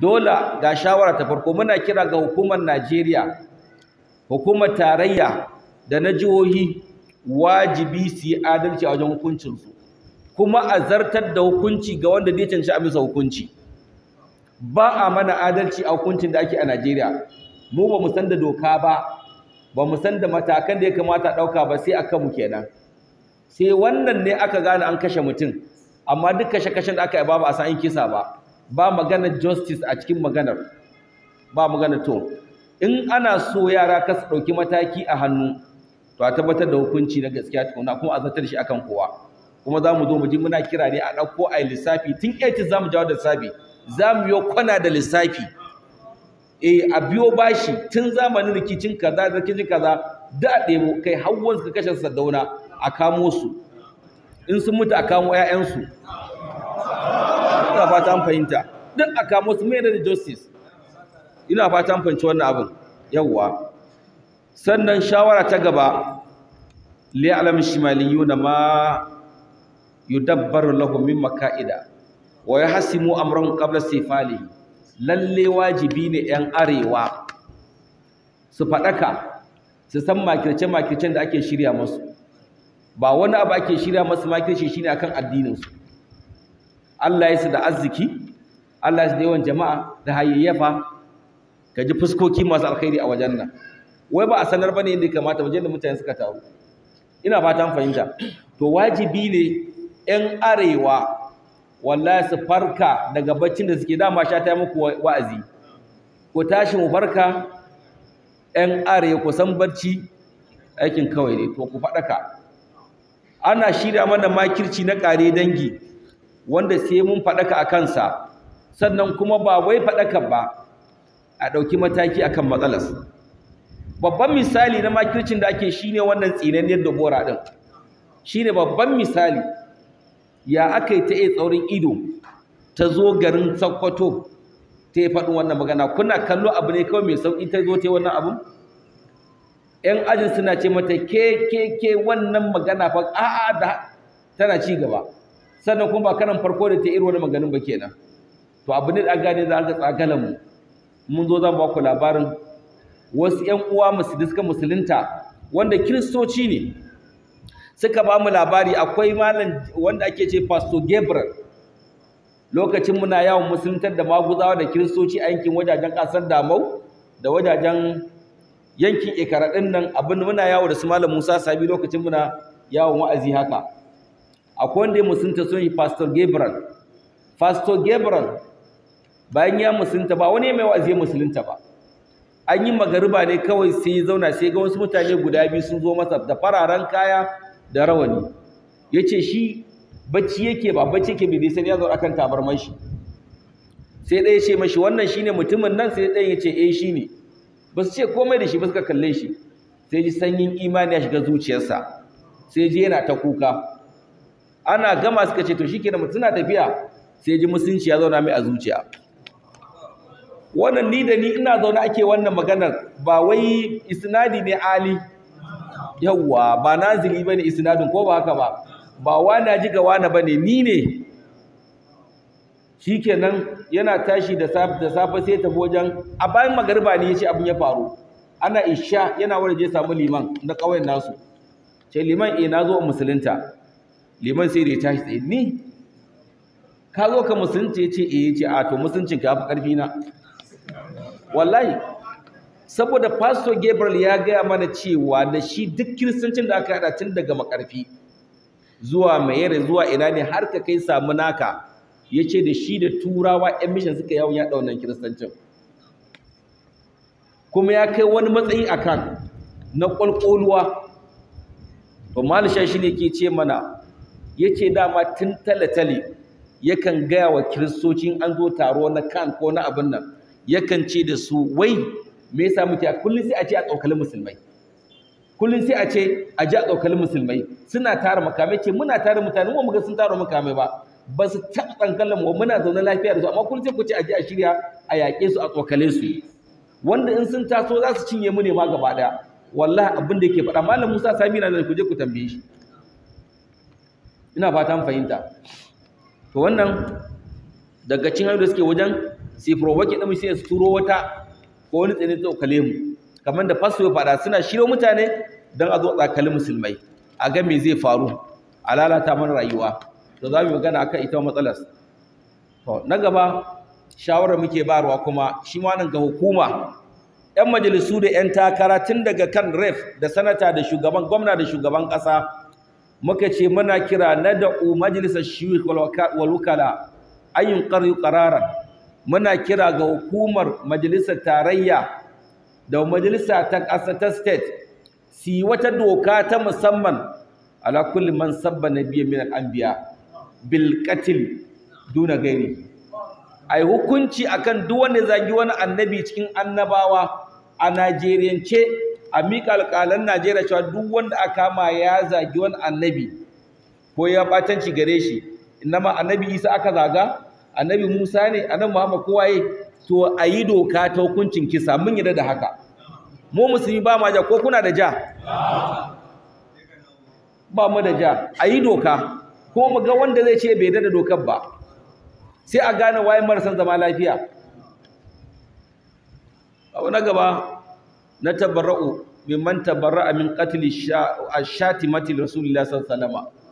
dole ga shawara ta farko muna kira ga hukumar Najeriya hukumar tarayya da na jihohi wajibi su yi adalci a wajen hukuncinsu kuma a zartar da hukunci ga wanda zai cancanci a bisa hukunci ba a mana adalci a hukuncin da ake a Najeriya mu ba mu san da doka ba ba mu san da matakan da ya kamata ɗauka ba sai akan mu kenan sai wannan ne aka gane an kashe mutum amma duk kashe-kashen da aka yi ba ba a san kisa ba ba maganar justice a cikin maganar ba maganar to in ana so yara ka su ɗauki mataki a hannu to a tabbatar da hukunci na gaskiya tukuna kuma a zartar shi akan kowa kuma za mu zo mu ji muna kira ne a dauko a lissafi tun eti zamu jawo da lissafi zamu mu yi kwana da lissafi eh a biyo bashi tun zamanin rikicin kaza da rikicin kaza da a ɗebo kai hawwansu ka kashe sadauna a kamo su in sun mutu a kamo 'ya'yansu ina fata an fahimta duk a kamo su mai da justice ina fata an fahimci wannan abin yawwa sannan shawara ta gaba li alam shimaliyuna ma yudabbaru lahum min makaida wa yahsimu amran qabla sifali lalle wajibi ne yan arewa su fadaka su san makirce makircen da ake shirya musu ba wani abu ake shirya musu makirce shine akan addinin su Allah ya su da arziki Allah ya su da yawan jama'a da hayayyafa ka ji fuskoki masu alkhairi a wajen nan wai ba a sanar ba ne inda kamata wajen da mutane suka taru ina fatan fahimta to wajibi ne 'yan arewa wallahi su farka daga baccin da suke dama sha ta muku wa'azi ku tashi mu farka 'yan arewa ku san barci aikin kawai ne to ku faɗaka ana shirya mana makirci na kare dangi wanda sai mun faɗaka a kansa sannan kuma ba wai faɗaka ba a ɗauki mataki akan matsalarsa babban misali na makircin da ake shine wannan tsinanniyar dabora din shine babban misali ya aka yi ta iya tsaurin ido ta zo garin sakkwato ta yi faɗin wannan magana kuna kallo abu ne kawai mai sauƙi ta zo ta yi wannan abu yan ajin suna ce mata ke ke ke wannan magana fa a'a da tana ci gaba sannan kuma ba karan farko da ta irin wani maganin ba kenan to abu ne da an gane za a tsakalan mu mun zo zan ba ku labarin wasu ƴan uwa musulmi suka musulunta wanda kiristoci ne suka ba mu labari akwai malam wanda ake ce pastor gabriel lokacin muna yawon musulunta da maguzawa da kiristoci a yankin wajajen ƙasar damau da wajajen yankin ikara nan abin muna yawo da su malam musa sabi lokacin muna yawon wa'azi haka akwai wanda ya musunta sun yi pastor gabriel pastor gabriel bayan ya musunta ba wani mai wa'azi ya musulunta ba an yi magariba ne kawai sai ya zauna sai ga wasu mutane guda biyu sun zo masa da fararen kaya da rawani ya ce shi bacci yake ba bacci yake bai sai ya zo akan tabarmar shi sai ɗaya ce mashi wannan shine mutumin nan sai ɗaya ya ce eh ne. ba su ce komai da shi ba suka kalle shi sai ji sanyin imani ya shiga zuciyarsa sai ji yana ta kuka ana gama suka ce to shikenan mutum suna tafiya sai ji musunci ya zauna mai a zuciya wannan ni da ni ina zauna ake wannan maganar ba wai isnadi ne ali yawwa ba nazili bane isnadin ko ba haka ba ba na ji ga wani bane ni ne shikenan yana tashi da safe da safe sai tafi wajen a bayan magariba ne ya ce abin ya faru ana isha yana wani je samu liman na kauyen nasu ce liman eh nazo musulunta liman sai da ya tashi tsaye ni ka zo ka musulunci ya ce eh ya ce a to musuluncin ka fi ƙarfi na wallahi saboda pastor gabriel ya gaya mana cewa da shi duk kiristancin da aka haɗa tun daga makarfi zuwa mayere zuwa ina ne har ka kai samu naka ya ce da shi da turawa yan mishan suka yawon yaɗa wannan kiristancin kuma ya kai wani matsayi akan na ƙwalƙoluwa to malisha shi ne ke ce mana ce dama tun tale-tale yakan gaya wa kiristocin an zo taro na kan ko na abin nan yakan ce da su wai me yasa muke kullun sai a ce a tsokali musulmai kullun sai a ce a ji a tsokali musulmai suna tara makamai ce muna tara mutane mu muga sun tara makamai ba ba su taɓa tsankalin mu muna zaune lafiya da su amma kullun sai ku ce a ji a shirya a yaƙe su a tsokale su wanda in sun taso za su cinye mu ne ma gaba ɗaya wallahi abin da yake faɗa malam Musa Sami na da ku je ku tambaye shi ina fatan fahimta to wannan daga cin hanyar da suke wajen sifiro wake mu sai su turo wata ko wani tsini ta kale mu kamar da fasu ya fada suna shirya mutane don a zo tsakalin musulmai a ga me zai faru a lalata mana rayuwa to za mu magana akan ita matsalar to na gaba shawarar muke bayarwa kuma shi ma nan ga hukuma 'yan majalisu da 'yan takara tun daga kan ref da sanata da shugaban gwamna da shugaban ƙasa muka ce muna kira na da'u majalisar shiwi walukala ayin ƙarri ƙararan muna kira ga hukumar majalisar tarayya da majalisa ta ƙasa ta state su yi wata doka ta musamman alakulli man sabba na biya minan an biya. bilkatil duna gairi ai hukunci akan duk wanda zagi wani annabi cikin annabawa a Najeriyance a miƙa alƙalan Najeriya cewa duk wanda aka kama ya zagi wani annabi ko ya batanci gare shi inama annabi Isa aka zaga annabi Musa ne annabi Muhammad kowaye to a yi doka ta hukuncin kisa mun yi da haka mu musulmi ba ma ja ko kuna da ja ba mu da ja a yi doka ko mu ga wanda zai ce bai da dokar ba sai a gane waye marasan zama lafiya abu na gaba natabarra'u man tabarra'a min qatli ash-shatimati rasulillah sallallahu alaihi wasallam